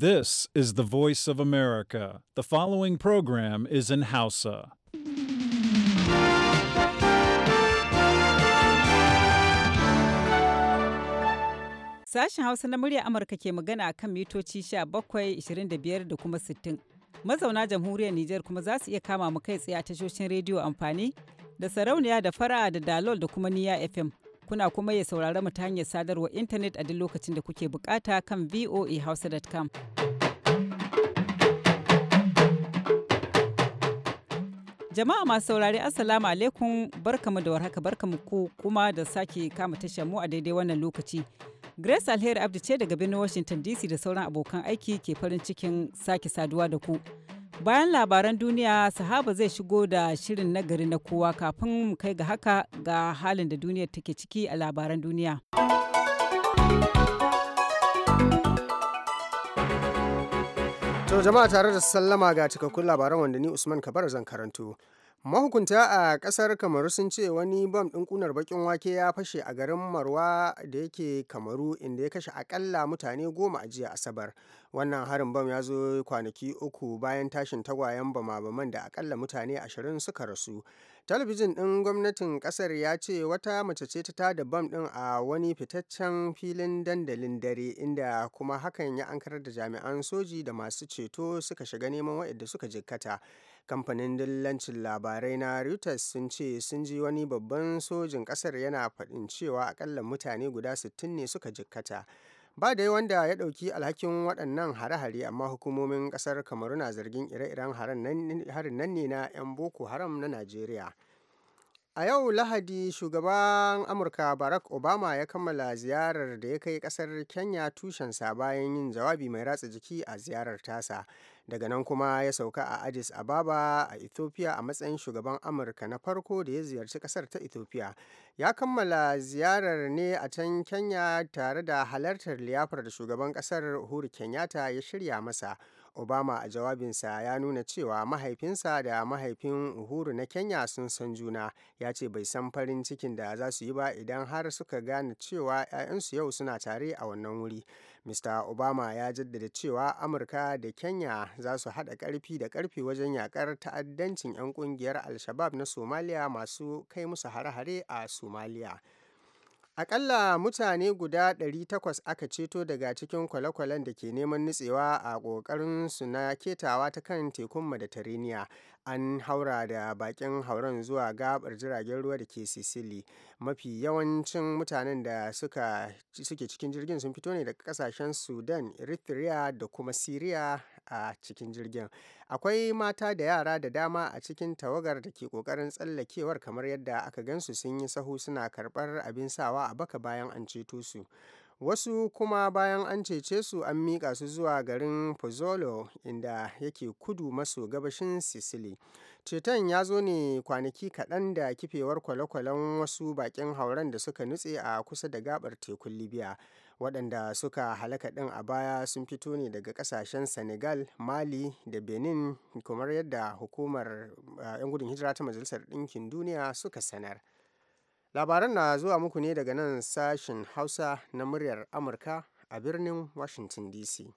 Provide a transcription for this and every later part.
This is the voice of America. The following program is in Hausa. Sashen Hausa na murya Amurka ke magana a kan mitoci 17, 25 da kuma 60. Mazauna jamhuriyar Nijar kuma za su iya kama mu kai tsaye a tashoshin rediyo amfani da sarauniya da fara da dalol da kuma niya FM. Kuna kuma ya saurara mu ta hanyar sadarwar intanet a duk lokacin da kuke bukata kan voahouse.com. Jama'a masu saurari Assalamu alaikum barkamu da warhaka barkamu ku kuma da sake kama tashar mu a daidai wannan lokaci. Grace Alheri Abdi ce daga birnin Washington DC da sauran abokan aiki ke farin cikin sake saduwa da ku. Bayan labaran duniya, sahaba zai shigo da shirin nagari na kowa kafin mu kai ga haka ga halin da duniyar take ciki a labaran duniya. To jama'a tare da sallama ga cikakkun labaran wanda ni Usman Kabar zan karanto. Mahukunta a kasar Kamaru sun ce wani bam ɗin kunar bakin wake ya fashe a garin Marwa da yake Kamaru inda ya kashe akalla mutane goma a jiya Asabar. Wannan harin bam ya zo kwanaki uku bayan tashin tagwayen bama-baman da akalla mutane ashirin suka rasu. Talabijin ɗin gwamnatin kasar ya ce wata mace ce ta tada bam ɗin a wani fitaccen filin dandalin dare inda kuma hakan ya ankarar da jami'an soji da masu ceto suka shiga neman waɗanda suka jikkata. kamfanin dillancin labarai na reuters sun ce sun ji wani babban sojin kasar yana faɗin cewa akalla mutane guda 60 ne suka jikkata ba dai wanda ya ɗauki alhakin waɗannan hare-hare amma hukumomin ƙasar kamaru na zargin ire-iren harin nan ne na 'yan boko haram na najeriya A yau Lahadi shugaban Amurka Barack Obama ya kammala ziyarar da ya kai kasar Kenya tushensa bayan yin jawabi mai ratsa jiki a ziyarar tasa. daga nan kuma ya sauka a addis ababa a ethiopia a matsayin shugaban amurka na farko da ya ziyarci kasar ta ethiopia ya kammala ziyarar ne a can kenya tare da halartar liyafar da shugaban kasar uhuru kenyatta ya shirya masa obama a jawabinsa ya nuna cewa mahaifinsa da mahaifin uhuru na kenya sun san juna ya ce bai san farin cikin da za su yi ba idan har suka gane cewa 'ya'yansu yau suna tare a wannan wuri Mista Obama ya jaddada cewa Amurka da Kenya za su hada karfi da ƙarfe wajen yakar ta'addancin 'yan kungiyar Al Shabab na Somaliya masu kai musu hare-hare a Somaliya. Aƙalla mutane guda 800 aka ceto daga cikin kwale-kwalen da ke neman nutsewa a ƙoƙarin su na ketawa ta kan tekun Mediterranean. An haura da bakin hauren zuwa gabar jiragen ruwa da ke Sicily. Mafi yawancin mutanen da suke cikin jirgin sun fito ne daga ƙasashen Sudan, Eritrea da kuma syria. a cikin jirgin. Akwai mata da yara da dama a cikin tawagar da ke ƙoƙarin tsallakewar kamar yadda aka gansu sun yi sahu suna karɓar abin sawa a baka bayan an ceto su. Wasu kuma bayan an cece su an miƙa su zuwa garin Pozzolo inda yake kudu maso gabashin Sicily. Ceton ya zo ne kwanaki kaɗan da kifewar kwale-kwalen wasu baƙin hauren da suka nutse a kusa da gaɓar tekun Libya. waɗanda suka halaka ɗin a baya sun fito ne daga ƙasashen senegal mali da benin kamar yadda hukumar eh, 'yan gudun hijira ta majalisar ɗinkin duniya suka sanar labaran na zuwa muku ne daga nan sashen hausa na muryar amurka a birnin washington dc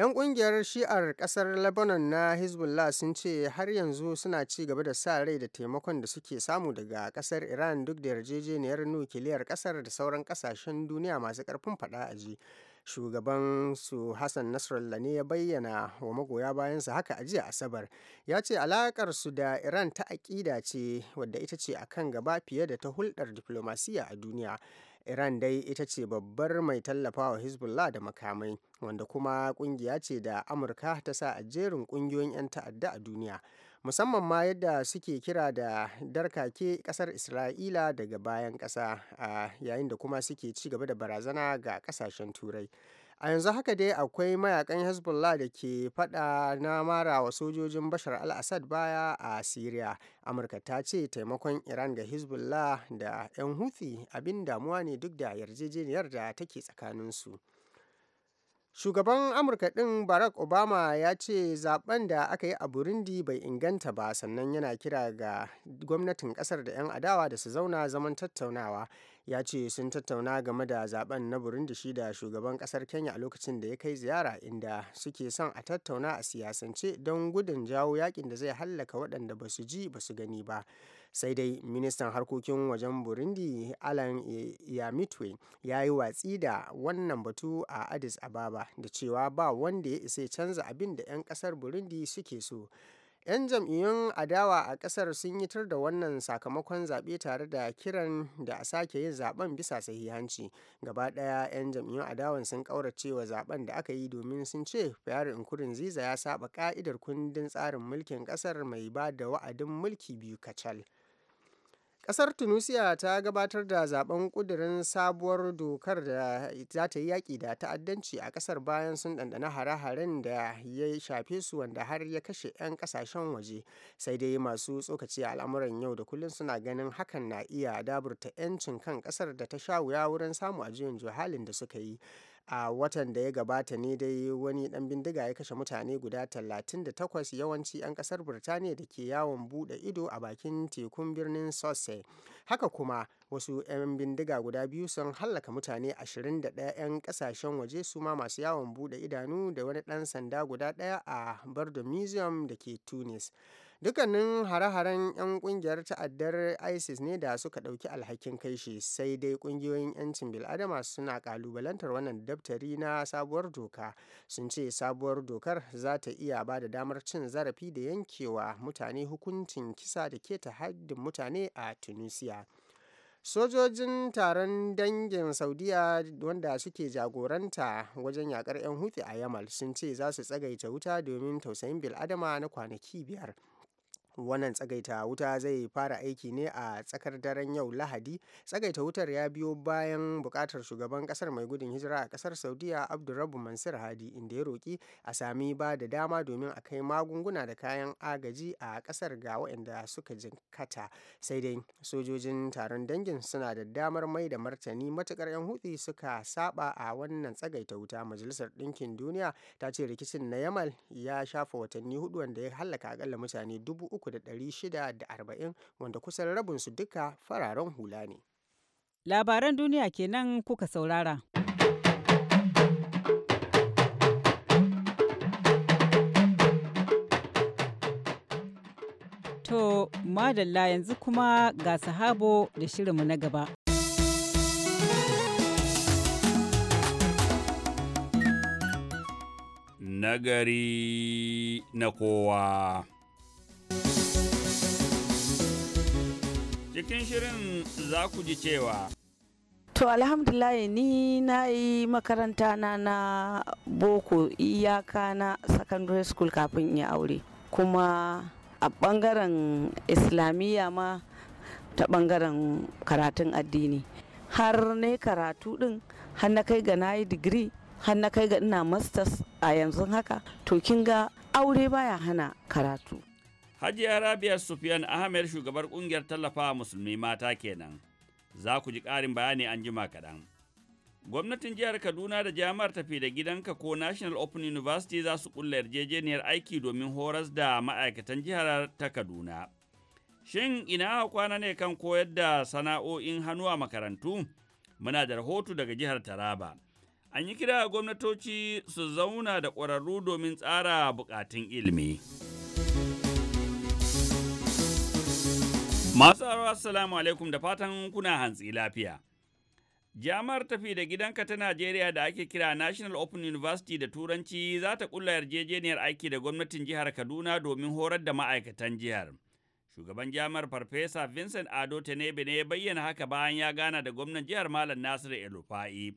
'Yan ƙungiyar Shi'ar ƙasar Lebanon na Hezbollah sun ce har yanzu suna ci gaba da sa rai da taimakon da suke samu daga ƙasar Iran duk da yarjejeniyar nukiliyar ƙasar da sauran ƙasashen duniya masu ƙarfin faɗa a ji. shugaban su hassan nasrallah ne ya bayyana wa magoya bayansa haka a jiya asabar ya ce alakar su da iran ta aƙida ce wadda ita ce akan gaba fiye da ta hulɗar diflomasiya a duniya iran dai ita ce babbar mai tallafawa hezbollah da makamai wanda kuma kungiya ce da amurka ta sa a jerin kungiyoyin 'yan ta'adda a duniya musamman ma yadda suke kira da darkake kasar isra'ila daga bayan kasa yayin da kuma suke ci gaba da barazana ga kasashen turai A yanzu haka dai akwai mayakan Hezbollah da ke fada na mara wa sojojin Bashar al-Assad baya a syria Amurka ta ce taimakon Iran ga Hezbollah da 'yan Houthi abin damuwa ne duk da yarjejeniyar da take su Shugaban Amurka din Barack Obama ya ce zaben da aka yi a Burundi bai inganta ba sannan yana kira ga gwamnatin kasar da 'yan adawa da su zauna zaman tattaunawa. ya ce sun tattauna game da zaben na burundi shi da shugaban kasar kenya a lokacin da ya kai ziyara inda suke son a tattauna a siyasance don gudun jawo yakin da zai hallaka waɗanda ba su ji ba su gani ba sai dai ministan harkokin wajen burundi alan yamitwe ya yi watsi da wannan batu a addis ababa da cewa ba wanda ya isa canza abin da 'yan kasar burundi suke so 'yan jam'iyyun adawa a kasar sun yitar da wannan sakamakon zaɓe tare da kiran da a sake yin zaben bisa sahihanci gaba ɗaya 'yan jam'iyyun adawan sun wa zaben da aka yi domin sun ce pierre ziza ya saba ka'idar kundin tsarin mulkin kasar mai ba da wa'adin mulki biyu kacal kasar Tunisia ta gabatar da zaben kudirin sabuwar dokar da za ta yi yaƙi da ta'addanci a kasar bayan sun ɗanɗana hare-haren da ya shafe su wanda har ya kashe 'yan kasashen waje. Sai dai masu tsokaci al'amuran yau da kullum suna ganin hakan na iya daburta 'yancin kan kasar da ta sha wuya wurin samu a juyin halin da suka yi. a watan da ya gabata ne dai wani dan bindiga ya kashe mutane guda 38 yawanci 'yan kasar birtaniya da ke yawon bude ido a bakin tekun birnin sussex haka kuma wasu 'yan bindiga guda biyu sun hallaka mutane 21 'yan kasashen waje su ma masu yawon bude idanu da wani dan sanda guda daya a bardo museum da ke tunis Dukkanin hare-haren 'yan kungiyar ta'addar ISIS ne da suka ɗauki alhakin kai shi, sai dai kungiyoyin 'yancin bil'adama suna kalubalantar wannan daftari na sabuwar doka. Sun ce sabuwar dokar za ta iya ba da damar cin zarafi da yankewa mutane hukuncin kisa da keta haddin mutane a Tunisia. sojojin taron dangin saudiya wanda suke jagoranta wajen yakar 'yan hutu a yamal sun ce za su tsagaita wuta domin tausayin biladama na kwanaki biyar wannan tsagaita wuta zai fara aiki ne a tsakar daren yau lahadi tsagaita wutar ya biyo bayan bukatar shugaban kasar mai gudun hijira a kasar saudiya abdurrabu mansur hadi inda ya roki a sami ba da dama domin a kai magunguna da kayan agaji a kasar ga waɗanda suka jinkata sai dai sojojin taron dangin suna da damar mai da martani matukar yan hutsi suka saba a wannan tsagaita wuta majalisar ɗinkin duniya ta ce rikicin na yamal ya shafa watanni hudu wanda ya hallaka akalla mutane dubu uku 3,640 wanda kusan rabinsu duka fararen hula ne. Labaran duniya kenan kuka saurara. To, madalla yanzu kuma ga sahabo da shirinmu na gaba. Nagari na kowa. Cikin shirin za ku ji cewa. To alhamdulahi ni na yi makaranta na na boko iyaka na secondary school kafin in aure. Kuma a ɓangaren islamiyya ma ta ɓangaren karatun addini. Har ne karatu din har na kai ga na yi digiri, har na kai ga ina masters a yanzu haka. To kin ga aure baya hana karatu. Hajiya Rabia sufiyan Ahmed shugabar kungiyar tallafa musulmi mata kenan. Za ku ji ƙarin bayani an jima kaɗan. Gwamnatin jihar Kaduna da jami'ar tafi da gidanka ko National Open University za su ƙulla yarjejeniyar aiki domin horas da ma'aikatan jihar ta Kaduna. Shin ina kwana ne kan koyar da sana'o'in hannu a makarantu? Muna da rahoto daga jihar Taraba. An yi kira gwamnatoci su zauna da ƙwararru domin tsara buƙatun ilimi. Masu arwa assalamu alaikum da fatan kuna hantsi lafiya. Jami'ar tafi da gidanka ta Najeriya da ake kira National Open University da Turanci za ta ƙulla yarjejeniyar aiki da gwamnatin jihar Kaduna domin horar da ma'aikatan jihar. Shugaban jami'ar Farfesa Vincent Ado Tenebe ne ya bayyana haka bayan ya gana da gwamnan jihar Malam Nasiru Elufa'i.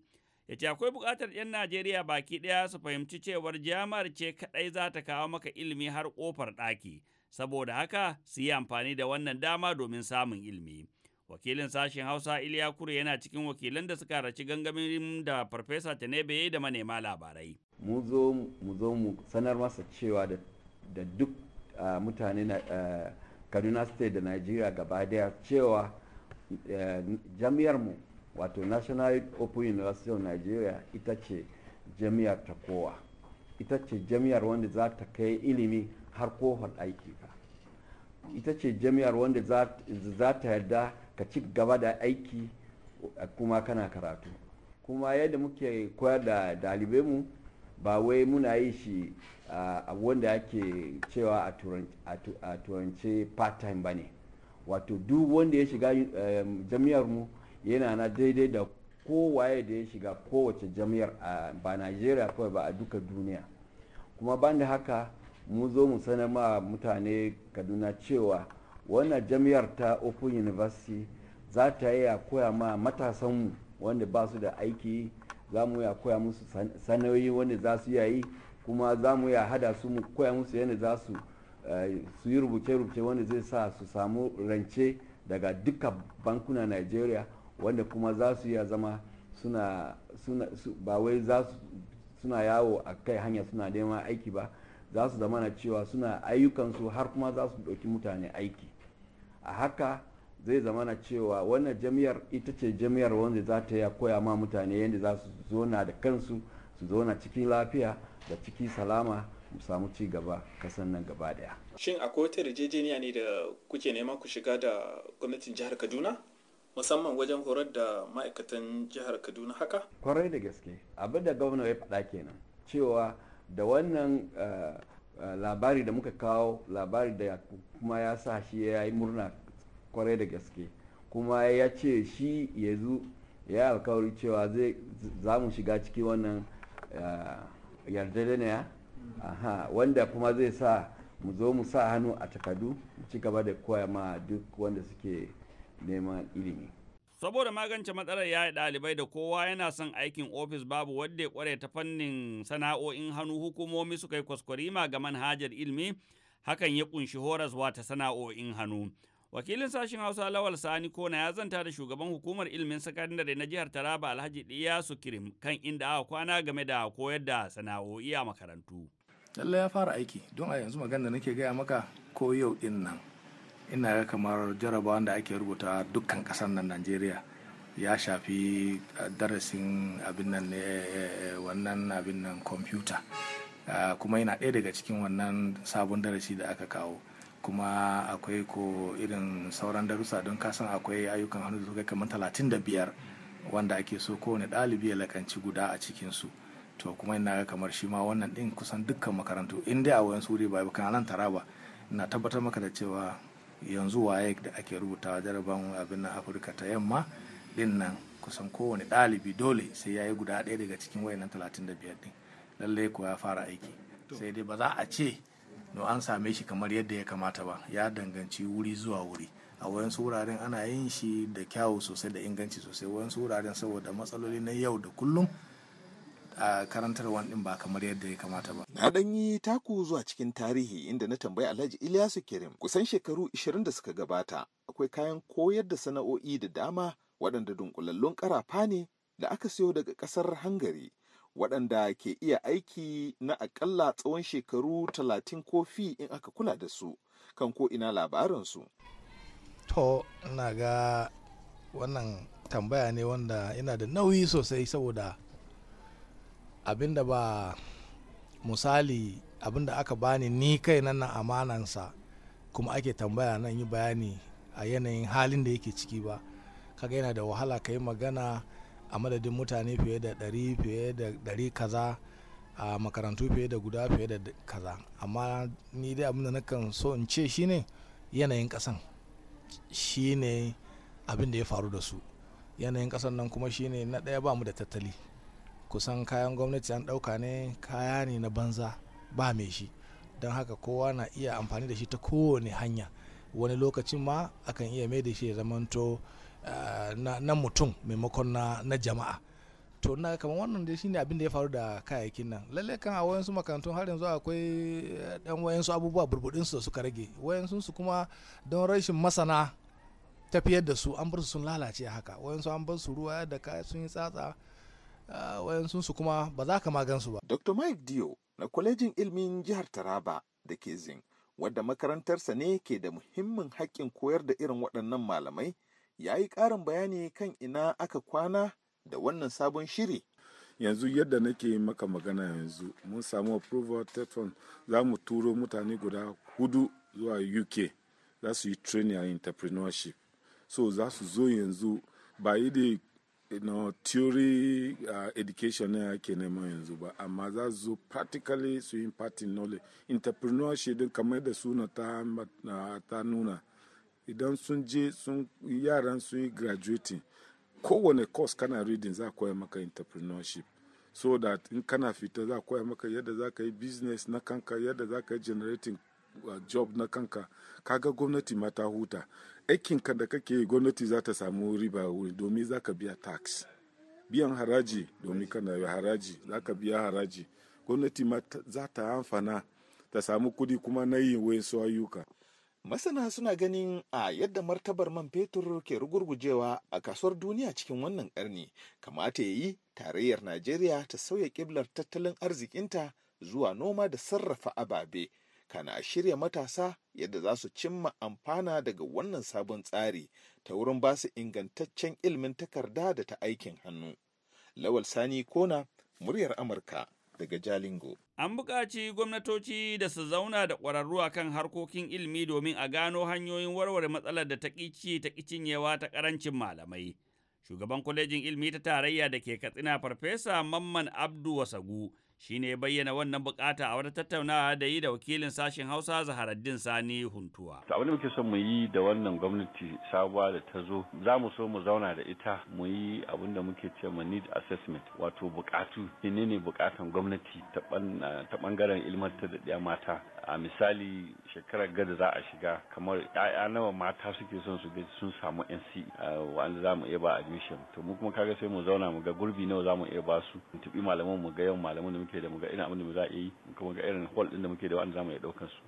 Ya ce akwai buƙatar 'yan Najeriya baki ɗaya su fahimci cewar jami'ar ce kaɗai za ta kawo maka ilimi har ƙofar ɗaki. saboda haka su yi amfani da wannan dama domin samun ilimi. Wakilin sashen Hausa Iliya Kure yana cikin wakilan da suka raci gangamin da Farfesa Tanebe da manema labarai. Mu zo mu zo mu sanar masa cewa da duk mutane na Kaduna State da Nigeria gaba daya cewa e, jami'ar mu wato National Open University of Nigeria ita ce jami'ar ta kowa. Ita ce jami'ar wanda za ta kai ilimi har kofar aiki ita ce jami'ar wanda za ta yarda ka ci gaba da aiki eh, kuma kana karatu kuma yadda muke koyar da dalibai mu ba wai muna yi shi eh, wanda ake cewa a turance part-time ba ne wato duk wanda ya shiga eh, jami'ar mu yana na daidai da kowaye da ya shiga kowace jami'ar ba nigeria kawai ba a duka duniya kuma ban da haka mu zo mu sanar ma mutane kaduna cewa wannan jami'ar ta open university za ta yi a koya ma matasanmu wanda ba su da aiki za mu a koya musu sanoyi wanda za su yayi kuma za mu a hada su mu koya musu yadda za su eh, su yi rubuce-rubuce wanda zai sa su samu rance daga duka bankuna nigeria wanda kuma za su iya zama suna ba wai suna yawo a kai hanya suna neman aiki ba za su zamana cewa suna ayyukansu har kuma za su ɗauki mutane aiki a haka zai zamana cewa wannan jami'ar ita ce jami'ar wanda za ta ya koya ma mutane yadda za su zona da kansu su zona cikin lafiya da ciki salama mu samu ci gaba kasan nan gaba daya shin akwai wata yarjejeniya ne da kuke neman ku shiga da gwamnatin jihar kaduna musamman wajen horar da ma'aikatan jihar kaduna haka kwarai da gaske abin da gwamna ya faɗa kenan cewa da wannan eh, eh, labari da muka kawo labari da kuma ya sa shi ya yi murna kwarai da gaske kuma ya ce shi yanzu ya alkawari cewa za mu shiga ciki wannan eh, yardajeniya wanda kuma zai sa mu zo mu sa hannu a takardu mu ci gaba da koya ma duk wanda suke neman ilimi Saboda magance matsalar yaya ɗalibai da kowa yana son aikin ofis babu wadda ya kware ta fannin sana'o'in hannu hukumomi suka yi kwaskwarima ga manhajar ilmi hakan ya kunshi horaswa ta sana'o'in hannu. Wakilin sashen Hausa Lawal Sani Kona ya zanta da shugaban hukumar ilimin sakandare na jihar Taraba Alhaji Iyasu Kirim kan inda aka kwana game da koyar da sana'o'i a makarantu. Lallai ya fara aiki don a yanzu magana nake gaya maka ko yau din nan ina ga kamar jarabawan da ake rubuta dukkan kasar nan najeriya ya shafi eh, darasin abin nan eh, eh, wannan abin nan kwamfuta ah, kuma yana ɗaya daga cikin wannan sabon darasi da aka kawo kuma akwai ko irin sauran darussa don kasan akwai ayyukan hannu da suka kamar talatin da biyar wanda ake so kowane ɗalibi ya lakanci guda a cikinsu to kuma ina ga kamar shi ma wannan ɗin kusan dukkan makarantu in dai a wayan suri ba kan nan taraba ina tabbatar maka da cewa yanzu waye da ake rubuta jaraban abin na afirka ta yamma din nan kusan kowane ɗalibi dole sai ya yi guda ɗaya daga cikin talatin da biyar ɗin lallai kuwa ya fara aiki sai dai ba za a ce no an same shi kamar yadda ya kamata ba ya danganci wuri zuwa wuri a wayansu wuraren ana yin shi da kyawu sosai da inganci sosai wayansu wuraren saboda matsaloli na yau da kullum a karantarwan din ba kamar yadda ya kamata ba. Na dan yi taku zuwa cikin tarihi inda na tambayi Alhaji Ilyasu Kirim kusan shekaru 20 da suka gabata akwai kayan koyar da sana'o'i da dama waɗanda dunkulallun ƙarafa ne da aka siyo daga ƙasar Hangari waɗanda ke iya aiki na aƙalla tsawon shekaru 30 fi in aka kula da su kan ko ina su To, ina ga wannan tambaya ne wanda yana da nauyi sosai saboda abinda ba misali abinda aka bani ni kai nan na amanansa kuma ake tambaya nan yi bayani a yanayin halin da yake ciki ba kaga yana da wahala ka yi magana a madadin mutane fiye da ɗari fiye da ɗari kaza a makarantu fiye da guda fiye da kaza amma ni dai abinda kan so in ce shine yanayin ƙasan shine abin da ya faru da su yanayin ƙasan nan kuma shine na ɗaya ba mu da tattali kusan kayan gwamnati an ɗauka ne kaya ne na banza ba mai shi don haka kowa na iya amfani da shi ta kowane hanya wani lokacin ma akan iya mai da shi ya zamanto eh, na mutum maimakon na jama'a to na kamar wannan dai shine abin da ya faru da kayayyakin nan lallai kan a wayansu makarantun har yanzu akwai dan eh, wayansu abubuwa burbudin su da suka rage wayansu su kuma don rashin masana tafiyar da su an bar su sun lalace haka wayansu an bar su ruwa da kaya sun yi tsatsa Ah, su kuma ba za ka magansu ba. Dr. Mike Dio na kwalejin ilmin jihar Taraba da ke Zin, wadda makarantarsa ne ke da muhimmin haƙƙin koyar da irin waɗannan malamai, ya yi ƙarin bayani kan ina aka kwana da wannan sabon shiri. yanzu yadda nake maka magana yanzu mun samu approval telefon za mu turo mutane guda hudu zuwa uk za su yi training a entrepreneurship so za su zo yanzu ba yi da you theory uh, education ne ake nema yanzu ba amma za su zo practically su yi party knowledge entrepreneurship din kamar da suna ta, ta nuna idan sun je sun yaran sun yi graduating kowane course kana reading za koya maka entrepreneurship so that in kana fita za koya maka yadda za ka yi business na kanka yadda za ka yi generating uh, job na kanka kaga gwamnati ma ta huta aikinka da kake gwamnati za ta samu riba wuri domin za ka biya tax biyan haraji domin kana haraji za ka biya haraji gwamnati ma za ta amfana ta samu kudi kuma na yin wayansu ayyuka masana suna ganin a yadda martabar man fetur ke rugurgujewa a kasuwar duniya cikin wannan karni kamata ya yi tarayyar najeriya ta sauya kiblar tattalin arzikinta zuwa noma da sarrafa ababe kana a shirya matasa yadda za su cimma amfana daga wannan sabon tsari ta wurin ba su ingantaccen ilimin takarda da ta aikin hannu. Lawal Sani Kona, muryar Amurka daga Jalingo. An buƙaci gwamnatoci da su zauna da ƙwararru a kan harkokin ilimi domin a gano hanyoyin warware matsalar da ta ƙici ta ƙicinyewa ta ƙarancin malamai. Shugaban kwalejin ilimi ta tarayya da ke Katsina Farfesa Mamman Abdu Wasagu shi ne ya bayyana wannan bukata a wata tattaunawa da yi da wakilin sashen hausa zaharaddin sani huntuwa abin da muke son mu yi da wannan gwamnati sabuwa da ta zo za mu so mu zauna da ita mu yi abin da muke ce ma need assessment wato bukatu ne bukatan gwamnati ta bangaren ilmantar da ɗaya mata a misali shekarar gada za a shiga kamar ya'ya nawa mata suke son su gaji sun samu nc wanda za mu iya ba admission to mu kuma kaga sai mu zauna mu ga gurbi nawa za mu iya ba su mu tafi malaman mu ga yawan malaman da muke da mu ga irin abin da za a yi kuma ga irin hall din da muke da wanda za mu iya daukar su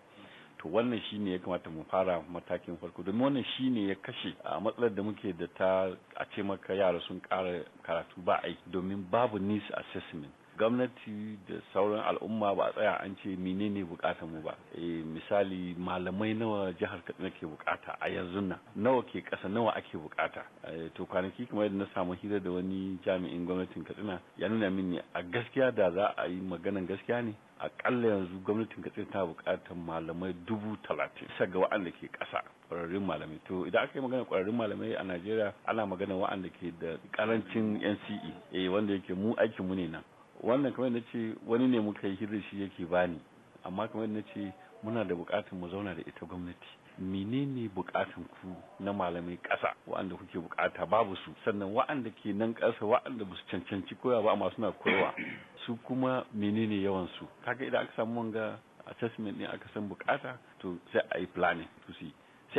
to wannan shine ya kamata mu fara matakin farko domin wannan shine ya kashe a matsalar da muke da ta a ce maka yara sun kara karatu ba aiki domin babu needs assessment gwamnati da sauran al'umma ba a tsaya an ce menene bukatar mu ba eh, misali malamai nawa jihar katsina ke bukata a yanzu na nawa ke kasa nawa ake bukata eh, to kwanaki kamar yadda na samu hira da wani jami'in gwamnatin katsina ya nuna mini a gaskiya da za a yi maganan gaskiya ne akalla yanzu gwamnatin katsina ta bukatar malamai dubu talatin bisa ga wa'anda ke ƙasa ƙwararrun malamai to idan aka yi magana ƙwararrun malamai a najeriya ana magana wa'anda ke da karancin nce eh wanda yake mu aikinmu ne nan wannan kamar na ce wani ne muka yi hirar shi yake bani amma kamar na ce muna da bukatun mu zauna da ita gwamnati menene bukatun ku na malamai ƙasa wa'anda kuke bukata babu su sannan wa'anda ke nan ƙasa wa'anda ba su cancanci koya ba amma suna koyawa su kuma menene yawan su kaga idan aka samu wanga assessment ne aka san bukata to sai a yi planning to sai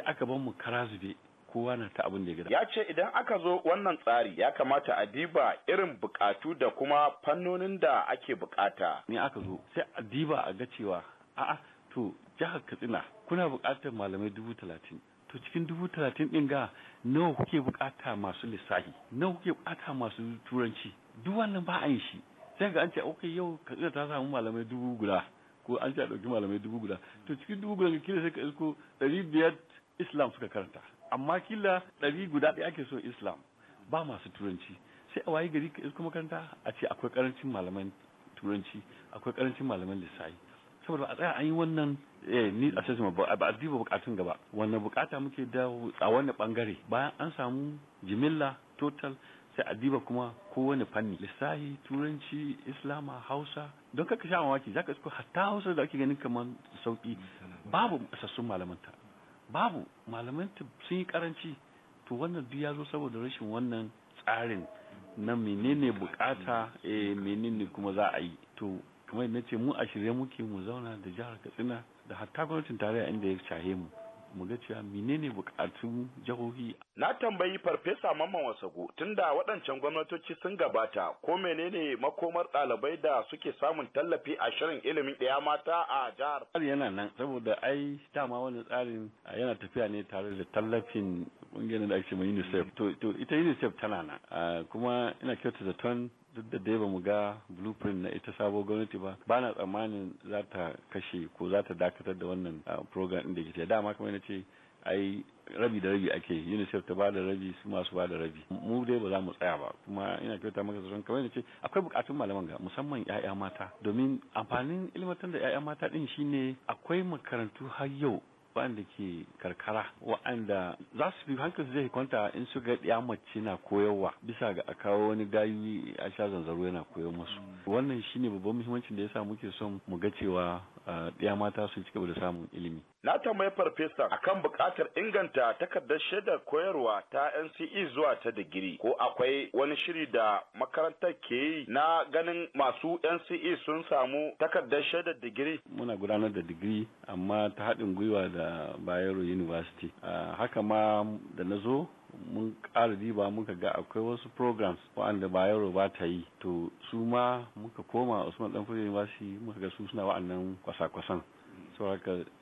aka ban mu kara zube kowa na ta abin da ya gada. Ya ce idan aka zo wannan tsari ya kamata a diba irin bukatu da kuma fannonin da ake bukata. Ni aka zo sai a diba a ga cewa a'a to jihar Katsina kuna bukatar malamai dubu talatin. To cikin dubu talatin ɗin ga nawa kuke bukata masu lissafi nawa kuke bukata masu turanci duk wannan ba a yi shi sai ga an ce ok yau Katsina ta samu malamai dubu guda ko an ce a ɗauki malamai dubu guda to cikin dubu guda kila sai ka isko ɗari biyar Islam suka karanta. amma kila ɗari guda ɗaya ake so islam ba masu turanci sai a wayi gari kuma karanta a ce akwai karancin malaman turanci akwai karancin malaman lissafi saboda a tsaya an yi wannan eh, ni a sassan ba a diba bukatun gaba wannan bukata muke da a wani bangare bayan an samu jimilla total sai a diba kuma kowane fanni lissahi turanci islama hausa don kaka sha mamaki zaka isko hatta hausa da ake ganin kamar sauki babu sassun ta. babu malaman sun yi karanci to wannan duk ya zo saboda rashin wannan tsarin na menene bukata eh menene kuma za a yi to kuma na ce mu a shirye muke mu zauna da jihar katsina da hatta gwamnatin tarayya inda ya shahe mu mu ga cewa menene bukatun jihohi na tambayi farfesa mamman wasago tunda waɗancan gwamnatoci sun gabata ko menene makomar ɗalibai da suke samun tallafi a shirin ilimin ɗaya mata a jihar tsari yana nan saboda ai dama wani tsarin yana tafiya ne tare da tallafin ƙungiyar da ake ma unicef to ita unicef tana nan kuma ina kyautata ton duk da dai ba mu ga blueprint na ita sabo gwamnati ba ba na tsammanin za ta kashe ko za ta dakatar da wannan ah, program ɗin da ke ta dama kamar ina ce ai rabi da rabi ake unicef ta da rabi su masu bada rabi mu dai ba za mu tsaya ba kuma ina kyauta maka sauran kamar ina ce akwai bukatun malaman ga musamman ya'ya mata domin amfanin ilmantar da ya'ya mata din shine akwai makarantu har yau waɗanda ke karkara waɗanda za su fi hankali zai kwanta in su ga ya mace na koyarwa bisa ga a kawo wani gayu a sha zanzaro yana koyar musu mm. wannan shine babban muhimmancin da yasa muke son mu ga cewa ɗiya mata sun ci gaba da samun ilimi. Na tambayi farfesa akan buƙatar inganta takardar shaidar koyarwa ta NCE zuwa ta digiri ko akwai wani shiri da makarantar ke yi na ganin masu NCE sun samu takardar shaidar digiri. Muna gudanar da digiri amma ta haɗin gwiwa da Bayero University. Haka ma da na zo mun ƙara diba muka ga akwai wasu programs waɗanda ba yaro ba ta yi to su ma muka koma usman dan fulani ba shi muka ga su suna wa'annan kwasa-kwasan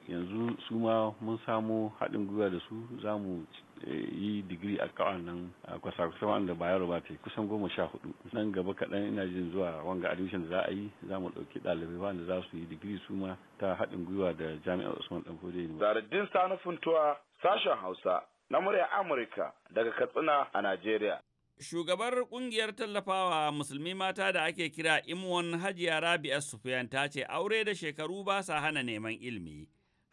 yanzu su ma mun samu haɗin gwiwa da su za mu eh, yi digiri a kawan nan kwasa-kwasa wanda ba yaro ba ta yi kusan goma sha hudu nan gaba kaɗan ina jin zuwa wanga admission da za a yi za mu ɗauki ɗalibai wanda za su yi digiri su ma ta haɗin gwiwa da jami'ar usman ɗanfode ne. sanufin tuwa sashen hausa na murya Amurka daga Katsina a Najeriya. Shugabar kungiyar tallafawa musulmi mata da ake kira Imwon Hajiya Rabi'a Sufiyan ta ce aure da shekaru ba sa hana neman ilimi.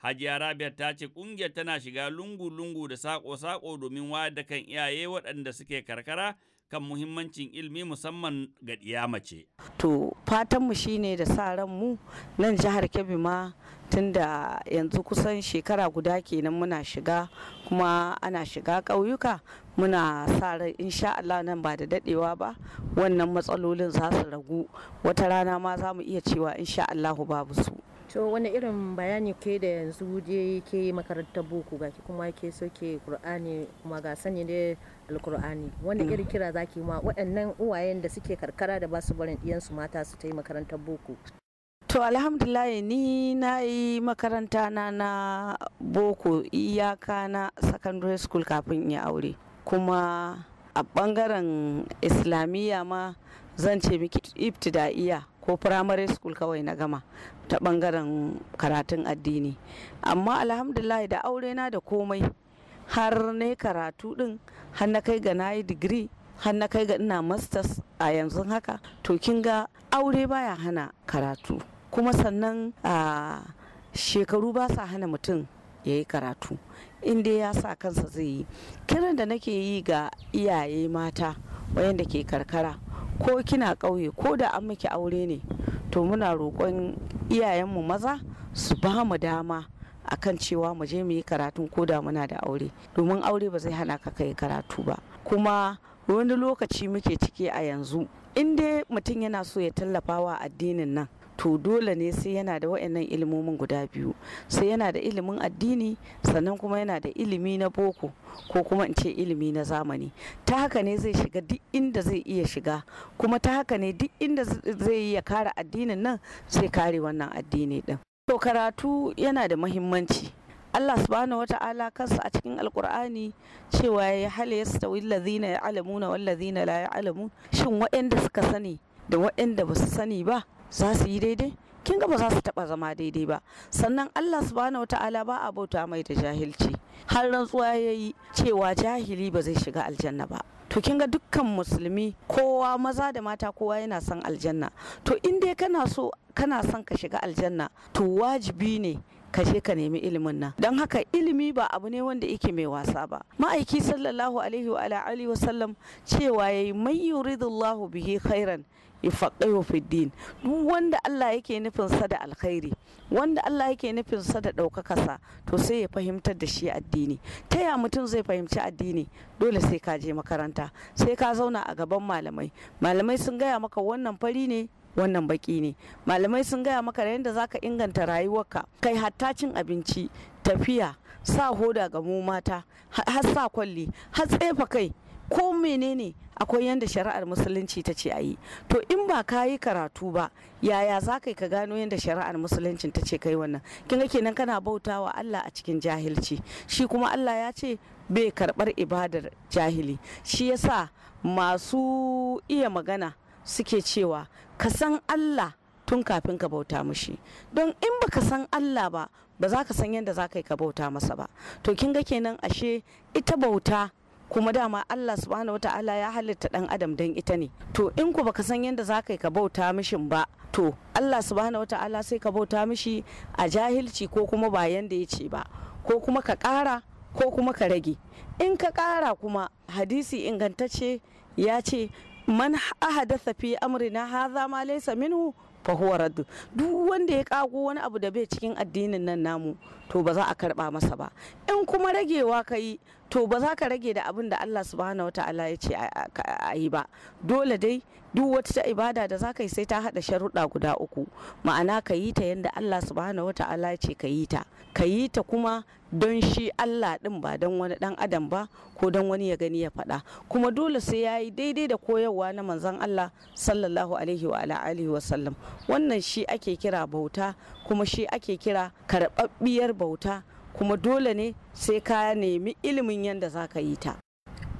Hajiya Rabi'a ta ce kungiyar tana shiga lungu-lungu da saƙo-saƙo domin wayar da kan iyaye waɗanda suke karkara kan muhimmancin ilmi musamman ga ɗiya mace. To fatanmu shine da sa ran mu nan jihar Kebbi ma tunda yanzu kusan shekara guda kenan muna shiga kuma ana shiga ƙauyuka muna sa ran insha Allah nan ba da daɗewa ba wannan matsalolin za su ragu wata rana ma za mu iya cewa insha Allah babu su to wani irin bayani ke da yanzu je ke makarantar boko ga kuma ke soke kur'ani kuma ga sani da alkur'ani wani irin kira zaki ma waɗannan uwayen da suke karkara da ba su barin ɗiyansu mata su ta yi makarantar boko to alhamdulillah ni na yi makaranta na na boko iyaka na secondary school kafin ya aure kuma a ɓangaren islamiyya ma zan ce miki iftida'iya ko primary school kawai na gama ta bangaren karatun addini amma alhamdulillah da aure na da komai har na karatu din har na kai ga na yi digiri har na kai ga ina masters a yanzu haka to kin ga aure baya hana karatu kuma sannan a shekaru ba sa hana mutum ya yi karatu inda ya sa kansa zai yi kiran da nake yi ga iyaye mata wayanda ke karkara ko kina ƙauye ko da an miki aure ne to muna roƙon iyayenmu maza su ba mu dama akan cewa mu je mu yi karatun ko da muna da aure domin aure ba zai hana ka kai karatu ba kuma wani lokaci muke ciki a yanzu in dai mutum yana so ya tallafa wa addinin nan to dole ne sai yana da wa'annan ilimomin guda biyu sai yana da ilimin addini sannan kuma yana da ilimi na boko ko kuma in ce ilimi na zamani ta haka ne zai shiga duk inda zai iya shiga kuma ta haka ne duk inda zai iya kare addinin nan sai kare wannan addini din to karatu yana da muhimmanci Allah subhanahu wa ta'ala kansa a cikin alkur'ani cewa ya hal yastawi alladhina ya'lamuna wal ladhina la ya'lamun shin wa'anda suka sani da wa'anda ba su sani ba za su yi daidai kin ga ba za su taba zama daidai ba sannan Allah subhanahu wataala ba a bauta mai da jahilci har rantsuwa yayi cewa jahili ba zai shiga aljanna ba to kin ga dukkan musulmi kowa maza da mata kowa yana son aljanna to in dai kana so kana son ka shiga aljanna to wajibi ne ka je ka nemi ilimin nan don haka ilimi ba abu ne wanda yake mai wasa ba ma'aiki sallallahu alaihi wa alihi wa sallam cewa yayi mai yuridullahu bihi khairan yufaqihu fi din duk wanda Allah yake nufin sa da alkhairi wanda Allah yake nufin sa da ɗaukaka sa to sai ya fahimtar da shi addini ta ya mutum zai fahimci addini dole sai ka je makaranta sai ka zauna a gaban malamai malamai sun gaya maka wannan fari ne wannan baki ne malamai sun gaya maka yadda zaka inganta rayuwarka kai hatta cin abinci tafiya sa hoda ga mu mata har sa kwalli har tsefa kai ko menene akwai yadda shari'ar musulunci ta ce a yi to in ba ka yi karatu ba yaya za ka yi ka gano yadda shari'ar musulunci ta ce kai wannan kin ga kenan kana bauta wa Allah a cikin jahilci shi kuma Allah ya ce bai karbar ibadar jahili shi yasa masu iya magana suke cewa ka san Allah tun kafin ka bauta mushi don in baka san Allah ba ba za ka san yadda za ka yi ka bauta masa ba to kin ga kenan ashe ita bauta kuma dama Allah subhanahu wataala ya halitta dan adam dan ita ne to in ku baka san yadda za ka yi ka bauta mishin ba to Allah subhanahu wataala sai ka bauta mishi a jahilci ko kuma ba yanda ya ce ba ko kuma ka kara ko kuma ka rage in ka kara kuma hadisi ingantacce ya ce man ahadatha fi amrina haza ma laysa minhu fa huwa duk wanda ya kago wani abu da bai cikin addinin nan namu to ba za a karba masa ba in kuma ragewa ka yi to ba za ka rage da abin da Allah subhanahu ta'ala ya ce a yi ba dole dai duk wata ta ibada da za ka yi sai ta haɗa sharuɗa guda uku ma'ana ka yi ta yadda Allah subhanahu ta'ala ya ce ka yi ta ka yi ta kuma don shi Allah ɗin ba don wani ɗan adam ba ko don wani ya gani ya faɗa kuma dole sai ya yi daidai da koyarwa na manzon Allah sallallahu alaihi wa alihi wa sallam wannan shi ake kira bauta kuma shi ake kira karɓaɓɓiyar bauta kuma dole ne sai ka nemi ilimin yadda za ka yi ta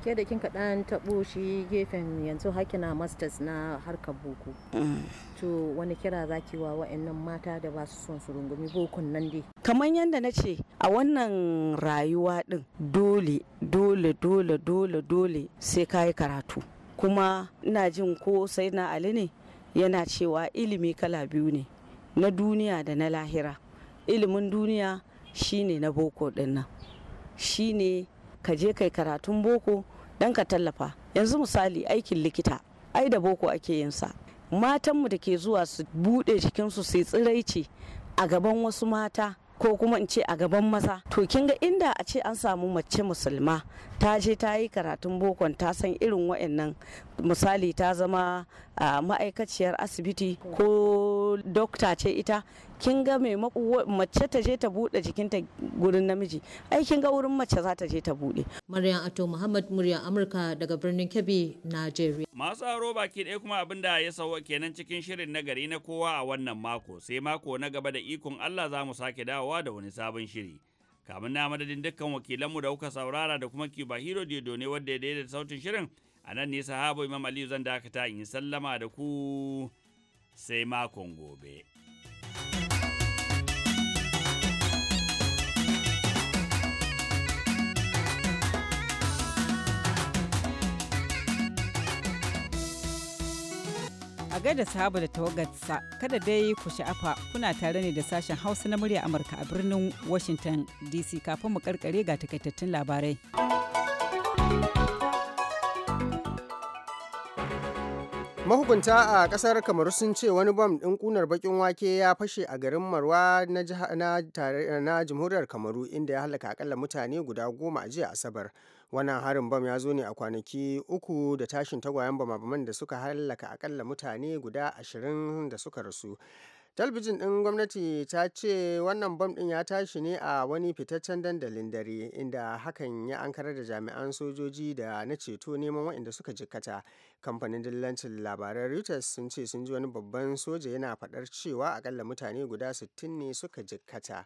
ke da kin kaɗan taɓo shi gefen yanzu hakina masters na harkar boko mm. to wani kira za ki wa wa'annan mata da ba su son su rungumi bokon nan dai kamar yadda na ce a wannan rayuwa ɗin dole dole dole dole dole sai ka yi karatu kuma ina jin ko sai na ali ne yana cewa ilimi kala biyu ne na duniya da na lahira ilimin duniya shine na boko dinnan shine ka je kai karatun boko dan ka tallafa yanzu misali aikin likita ai da boko ake yinsa sa matanmu da ke zuwa su bude jikinsu su tsiraici a gaban wasu mata ko kuma in ce a gaban maza to kin ga inda a ce an samu mace musulma ta je ta yi karatun bokon ta san irin waɗannan misali ta zama a ma'aikaciyar asibiti ko dokta ce ita kin ga mai mace ta je ta bude jikinta gurin namiji ai kin ga wurin mace za ta je ta bude Maryam Ato Muhammad murya Amurka daga birnin Kebbi Nigeria Masu aro baki ɗaya kuma abin da ya sauwa kenan cikin shirin na gari na kowa a wannan mako sai mako na gaba da ikon Allah za mu sake dawowa da wani sabon shiri kamin na madadin dukkan wakilanmu da kuka saurara da kuma Kiba Hiro ne wadda ya daidaita sautin shirin a nan ne sahabo imam aliyu zan dakata in sallama da ku sai makon gobe a gaida sahaba da tawagarsa kada dai ku sha'afa kuna tare ne da sashen hausa na murya amurka a birnin washington dc kafin mu karkare ga takaitattun labarai. mahukunta a kasar kamaru sun ce wani bam ɗin kunar bakin wake ya fashe a garin marwa na jamhuriyar kamaru inda ya halaka akalla mutane guda goma a jiya asabar wannan harin bam ya zo ne a kwanaki uku da tashin tagwayen bama-baman da suka halaka akalla mutane guda ashirin da suka rasu Talabijin ɗin gwamnati ta ce wannan bam ɗin ya tashi ne a wani fitaccen dandalin dare inda hakan ya ankarar da jami'an sojoji da na ceto neman waɗanda suka jikkata. Kamfanin dillancin labaran Reuters sun ce sun ji wani babban soja yana faɗar cewa akalla mutane guda 60 ne suka jikkata.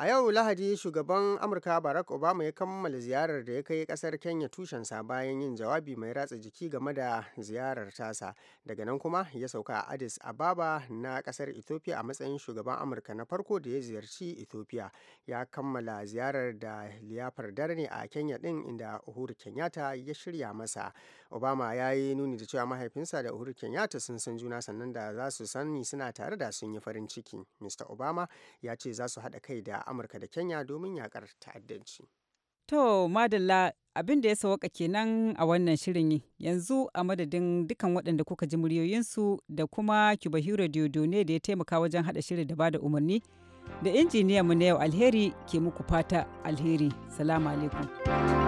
A yau Lahadi shugaban Amurka Barack Obama ya kammala ziyarar da ya kai kasar Kenya tushensa bayan yin jawabi mai ratsa jiki game da ziyarar tasa. Daga nan kuma ya sauka a Addis Ababa na kasar Ethiopia a matsayin shugaban Amurka na farko da ya ziyarci Ethiopia. Ya kammala ziyarar da liyafar dare a Kenya din inda Uhuru Kenyatta ya shirya masa. Obama ya yi nuni da cewa mahaifinsa da Uhuru Kenyatta sun san juna sannan da za su sani suna tare da sun yi farin ciki. Mr. Obama ya ce za su haɗa kai da Amurka da Kenya domin yakar ta'addanci. To, Madalla abin da ya sauka kenan a wannan shirin yanzu a madadin dukan waɗanda kuka ji muryoyinsu da kuma Kibahiro Diodo ne da ya taimaka wajen haɗa shirin da bada umarni da injiniyanmu na yau alheri ke muku fata alheri. Salamu alaikum.